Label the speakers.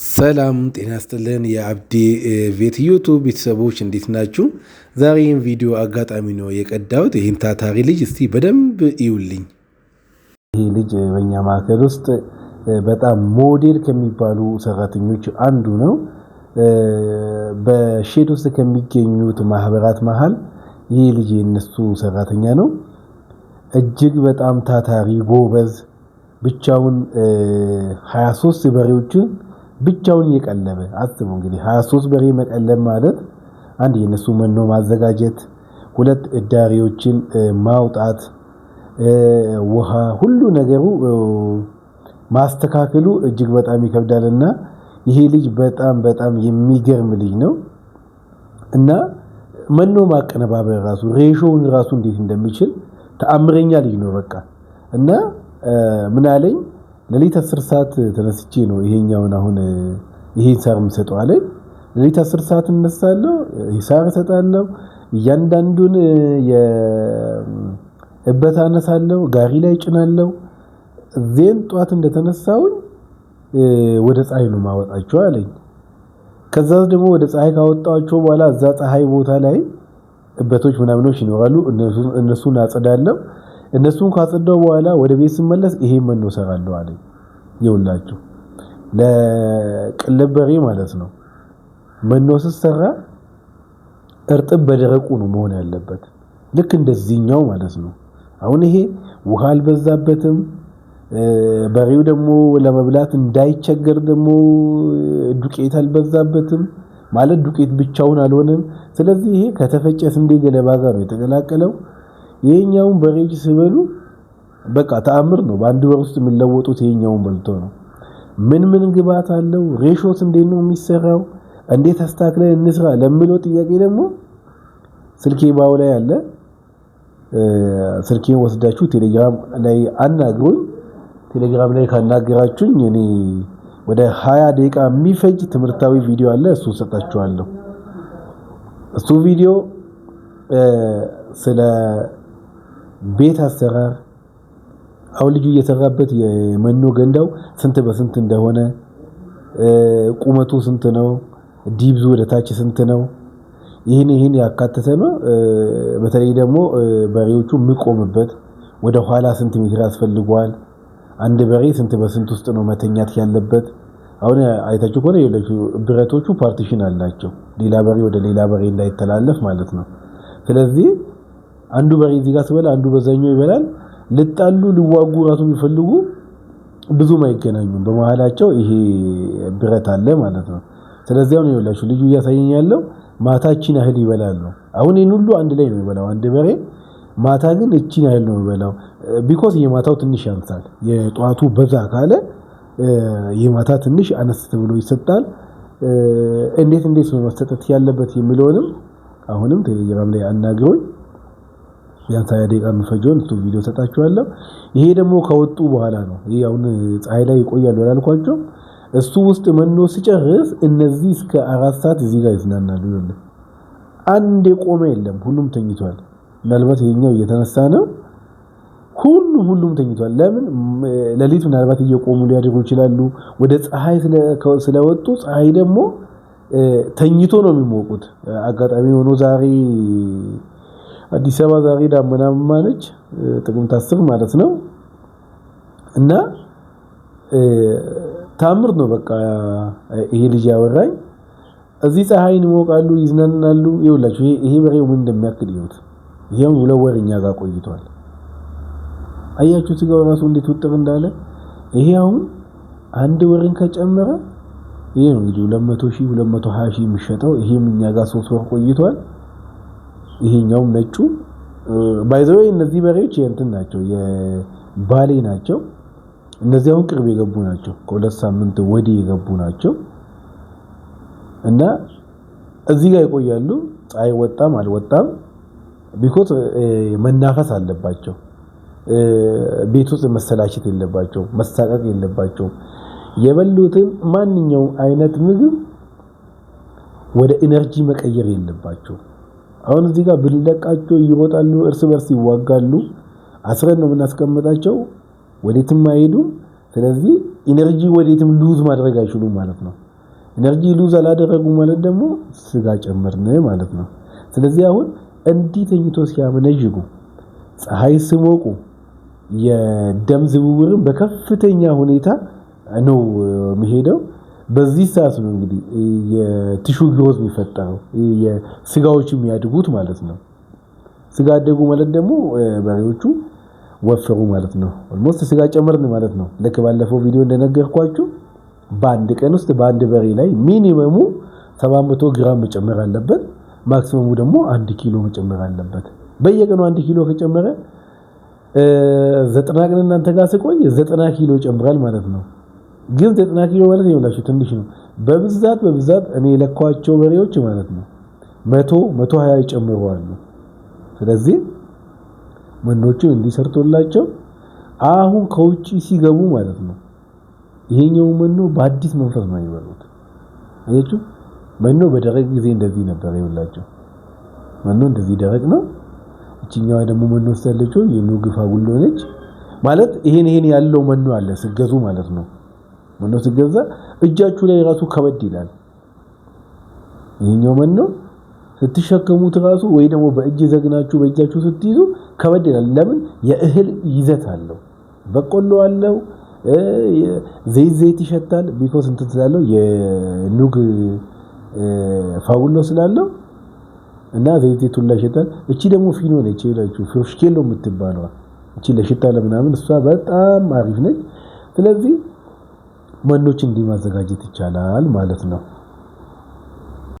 Speaker 1: ሰላም ጤና ስጥልን። የአብዴ ቤት ዩቱብ ቤተሰቦች እንዴት ናችሁ? ዛሬ ይህን ቪዲዮ አጋጣሚ ነው የቀዳሁት። ይህን ታታሪ ልጅ እስቲ በደንብ ይውልኝ ይህ ልጅ በእኛ ማዕከል ውስጥ በጣም ሞዴል ከሚባሉ ሰራተኞች አንዱ ነው። በሼድ ውስጥ ከሚገኙት ማህበራት መሀል ይህ ልጅ የነሱ ሰራተኛ ነው። እጅግ በጣም ታታሪ ጎበዝ፣ ብቻውን 23 በሬዎችን ብቻውን እየቀለበ አስቡ እንግዲህ 23 በሬ መቀለብ ማለት አንድ የነሱ መኖ ማዘጋጀት፣ ሁለት እዳሪዎችን ማውጣት፣ ውሃ፣ ሁሉ ነገሩ ማስተካከሉ እጅግ በጣም ይከብዳልና ይሄ ልጅ በጣም በጣም የሚገርም ልጅ ነው እና መኖ ማቀነባበር ራሱ ሬሾውን ራሱ እንዴት እንደሚችል ተአምረኛ ልጅ ነው በቃ እና ምን አለኝ ለሊት አስር ሰዓት ተነስቼ ነው ይሄኛውን አሁን ይሄን ሳር የምሰጠው አለኝ። ሌሊት አስር ሰዓት እነሳለሁ፣ ሳር እሰጣለሁ፣ እያንዳንዱን የእበት አነሳለሁ፣ ጋሪ ላይ ጭናለሁ። ዜን ጠዋት እንደተነሳውኝ ወደ ፀሐይ ነው ማወጣቸው አለኝ። ከዛ ደግሞ ወደ ፀሐይ ካወጣቸው በኋላ እዛ ፀሐይ ቦታ ላይ እበቶች ምናምኖች ይኖራሉ። እነሱን አጸዳለሁ። እነሱን ካጸዳው በኋላ ወደ ቤት ስመለስ ይሄ መኖ እሰራለሁ አለ። ይውላችሁ ለቅልብ በሬ ማለት ነው። መኖ ስትሰራ እርጥብ በደረቁ ነው መሆን ያለበት፣ ልክ እንደዚህኛው ማለት ነው። አሁን ይሄ ውሃ አልበዛበትም። በሬው ደግሞ ለመብላት እንዳይቸገር ደግሞ ዱቄት አልበዛበትም። ማለት ዱቄት ብቻውን አልሆነም። ስለዚህ ይሄ ከተፈጨ ስንዴ ገለባ ጋር ነው የተቀላቀለው። ይሄኛውን በሬጅ ሲበሉ በቃ ተአምር ነው። በአንድ ወር ውስጥ የሚለወጡት ይሄኛውን በልቶ ነው። ምን ምን ግብዓት አለው? ሬሾት እንዴት ነው የሚሰራው? እንዴት አስተካክለን እንስራ ለምለው ጥያቄ ደግሞ ስልኬ ባው ላይ አለ። ስልኬን ወስዳችሁ ቴሌግራም ላይ አናግሩኝ። ቴሌግራም ላይ ካናገራችሁኝ እኔ ወደ 20 ደቂቃ የሚፈጅ ትምህርታዊ ቪዲዮ አለ። እሱ ሰጣችኋለሁ። እሱ ቪዲዮ ስለ ቤት አሰራር አሁን ልጁ እየሰራበት የመኖ ገንዳው ስንት በስንት እንደሆነ ቁመቱ ስንት ነው፣ ዲብዙ ወደ ታች ስንት ነው፣ ይህን ይህን ያካተተ ነው። በተለይ ደግሞ በሬዎቹ የሚቆምበት ወደ ኋላ ስንት ሜትር ያስፈልገዋል፣ አንድ በሬ ስንት በስንት ውስጥ ነው መተኛት ያለበት። አሁን አይታችሁ ከሆነ ብረቶቹ ፓርቲሽን አላቸው፣ ሌላ በሬ ወደ ሌላ በሬ እንዳይተላለፍ ማለት ነው። ስለዚህ አንዱ በሬ እዚህ ጋር ሲበላ አንዱ በዛኛው ይበላል። ልጣሉ ሊዋጉ ራሱ ቢፈልጉ ብዙም አይገናኙም። በመሃላቸው ይሄ ብረት አለ ማለት ነው። ስለዚህ አሁን ይኸውላችሁ ልጁ እያሳየኝ ያለው ማታችን ያህል ይበላሉ። አሁን ይህን ሁሉ አንድ ላይ ነው ይበላው አንድ በሬ ማታ ግን እቺን ያህል ነው የሚበላው። ቢኮዝ የማታው ትንሽ ያንሳል። የጧቱ በዛ ካለ የማታ ትንሽ አነስ ብሎ ይሰጣል። እንዴት እንዴት ነው መሰጠት ያለበት የሚለውንም አሁንም ቴሌግራም ላይ አናግሮኝ ቢያንስ ሀያ ደቂቃ የሚፈጀውን ቱ ቪዲዮ ሰጣችኋለሁ። ይሄ ደግሞ ከወጡ በኋላ ነው። ይሄ አሁን ፀሐይ ላይ ይቆያሉ አላልኳቸው። እሱ ውስጥ መኖ ሲጨርስ እነዚህ እስከ አራት ሰዓት እዚህ ጋር ይዝናናሉ። አንድ የቆመ የለም፣ ሁሉም ተኝቷል። ምናልባት ይሄኛው እየተነሳ ነው። ሁሉም ሁሉም ተኝቷል። ለምን ሌሊት ምናልባት እየቆሙ ሊያደርጉ ይችላሉ። ወደ ፀሐይ ስለወጡ ፀሐይ ደግሞ ተኝቶ ነው የሚሞቁት። አጋጣሚ ሆኖ ዛሬ አዲስ አበባ ዛሬ ዳመናማ ነች፣ ጥቅምት አስር ማለት ነው። እና ታምር ነው በቃ ይሄ ልጅ ያወራኝ። እዚህ ፀሐይን ይሞቃሉ፣ ይዝናናሉ። ይኸውላችሁ ይሄ በሬው ምን እንደሚያክል ይሁት። ይሄም ሁለት ወር እኛ ጋር ቆይቷል። አያችሁ ስጋው ራሱ እንዴት ውጥር እንዳለ። ይሄ አሁን አንድ ወርን ከጨመረ ይሄ ነው እንግዲህ 200 ሺህ 220 ሺህ የሚሸጠው። ይሄም እኛ ጋር ሶስት ወር ቆይቷል። ይሄኛውም ነጩ ወይ እነዚህ በሬዎች የእንትን ናቸው የባሌ ናቸው። እነዚህ አሁን ቅርብ የገቡ ናቸው። ከሁለት ሳምንት ወዲህ የገቡ ናቸው እና እዚህ ጋር ይቆያሉ። ፀሐይ ወጣም አልወጣም ቢኮት መናፈስ አለባቸው። ቤት ውስጥ መሰላቸት የለባቸው፣ መሳቀቅ የለባቸው። የበሉትን ማንኛውም አይነት ምግብ ወደ ኢነርጂ መቀየር የለባቸው። አሁን እዚህ ጋር ብንለቃቸው ይወጣሉ፣ እርስ በርስ ይዋጋሉ። አስረን ነው የምናስቀምጣቸው፣ ወዴትም አይሄዱም። ስለዚህ ኢነርጂ ወዴትም ሉዝ ማድረግ አይችሉም ማለት ነው። ኢነርጂ ሉዝ አላደረጉ ማለት ደግሞ ስጋ ጨመርን ማለት ነው። ስለዚህ አሁን እንዲህ ተኝቶ ሲያመነዥጉ ፀሐይ ስሞቁ የደም ዝውውርን በከፍተኛ ሁኔታ ነው የሚሄደው። በዚህ ሰዓት ነው እንግዲህ የቲሹ ግሮዝ የሚፈጠረው ስጋዎች የሚያድጉት ማለት ነው። ስጋ አደጉ ማለት ደግሞ በሬዎቹ ወፈሩ ማለት ነው። ኦልሞስት ስጋ ጨመርን ማለት ነው። ልክ ባለፈው ቪዲዮ እንደነገርኳችሁ በአንድ ቀን ውስጥ በአንድ በሬ ላይ ሚኒመሙ 700 ግራም መጨመር አለበት። ማክሲመሙ ደግሞ አንድ ኪሎ መጨመር አለበት። በየቀኑ አንድ ኪሎ ከጨመረ ዘጠና ቀን እናንተ ጋር ስቆይ ዘጠና ኪሎ ይጨምራል ማለት ነው። ግብፅ የጥናክዮ ማለት ይኸውላችሁ ትንሽ ነው። በብዛት በብዛት እኔ የለኳቸው በሬዎች ማለት ነው መቶ መቶ ሀያ ይጨምረዋሉ። ስለዚህ መኖቹን እንዲሰርቶላቸው አሁን ከውጭ ሲገቡ ማለት ነው ይሄኛው መኖ በአዲስ መንፈስ ነው የሚበሉት። አያችሁ መኖ በደረቅ ጊዜ እንደዚህ ነበር ይውላቸው መኖ እንደዚህ ደረቅ ነው። እችኛዋ ደግሞ መኖ ስታለችው ግፋ ፋጉሎ ነች ማለት ይሄን ይሄን ያለው መኖ አለ ስገዙ ማለት ነው። መኖ ሲገዛ እጃችሁ ላይ ራሱ ከበድ ይላል። ይሄኛው መኖ ስትሸከሙት ራሱ ወይ ደግሞ በእጅ ዘግናችሁ በእጃችሁ ስትይዙ ከበድ ይላል። ለምን? የእህል ይዘት አለው፣ በቆሎ አለው፣ ዘይት ዘይት ይሸታል። ቢኮስ እንትን ስላለው የኑግ ፋውሎ ስላለው እና ዘይት ዘይቱን ላይ ይሸታል። እቺ ደግሞ ፊኖ ነች ይላችሁ ፍሽኬሎ የምትባለዋ እቺ ለሽታ ለምናምን እሷ በጣም አሪፍ ነች። ስለዚህ መኖች እንዲህ ማዘጋጀት ይቻላል ማለት ነው።